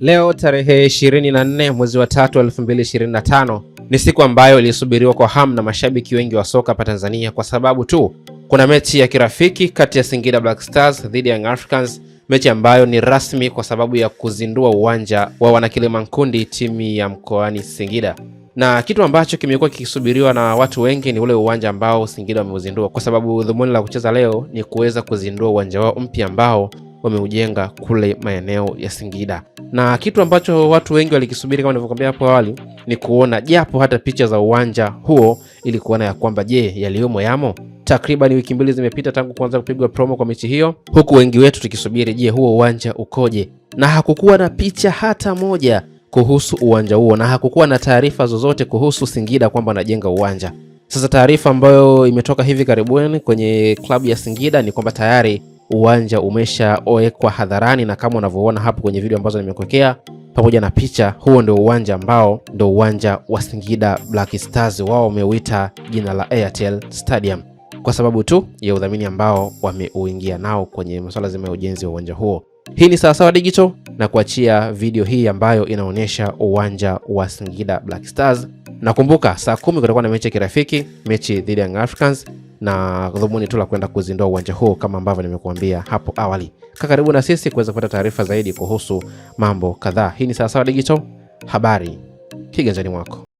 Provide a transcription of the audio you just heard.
Leo tarehe 24 mwezi wa 3 2025 ni siku ambayo ilisubiriwa kwa hamu na mashabiki wengi wa soka hapa Tanzania kwa sababu tu kuna mechi ya kirafiki kati ya Singida Black Stars dhidi ya Young Africans, mechi ambayo ni rasmi kwa sababu ya kuzindua uwanja wa Wanakilimankundi, timu ya mkoani Singida na kitu ambacho kimekuwa kikisubiriwa na watu wengi ni ule uwanja ambao Singida wameuzindua, kwa sababu dhumuni la kucheza leo ni kuweza kuzindua uwanja wao mpya ambao wameujenga kule maeneo ya Singida, na kitu ambacho watu wengi walikisubiri kama nilivyokuambia hapo awali ni kuona japo hata picha za uwanja huo ili kuona ya kwamba je, yaliyomo yamo. Takriban wiki mbili zimepita tangu kuanza kupigwa promo kwa mechi hiyo, huku wengi wetu tukisubiri, je, huo uwanja ukoje? Na hakukuwa na picha hata moja kuhusu uwanja huo na hakukuwa na taarifa zozote kuhusu Singida kwamba wanajenga uwanja. Sasa taarifa ambayo imetoka hivi karibuni kwenye klabu ya Singida ni kwamba tayari uwanja umeshaowekwa hadharani, na kama unavyoona hapo kwenye video ambazo nimekuwekea pamoja na picha, huo ndio uwanja ambao ndio uwanja wa Singida Black Stars. Wao wameuita jina la Airtel Stadium kwa sababu tu ya udhamini ambao wameuingia nao kwenye masuala zima ya ujenzi wa uwanja huo. Hii ni Sawasawa Digital na kuachia video hii ambayo inaonyesha uwanja wa Singida Black Stars, na kumbuka saa kumi kutakuwa na mechi ya kirafiki, mechi dhidi ya Africans na dhumuni tu la kwenda kuzindua uwanja huo kama ambavyo nimekuambia hapo awali. Kaa karibu na sisi kuweza kupata taarifa zaidi kuhusu mambo kadhaa. Hii ni Sawasawa Digital, habari kiganjani mwako.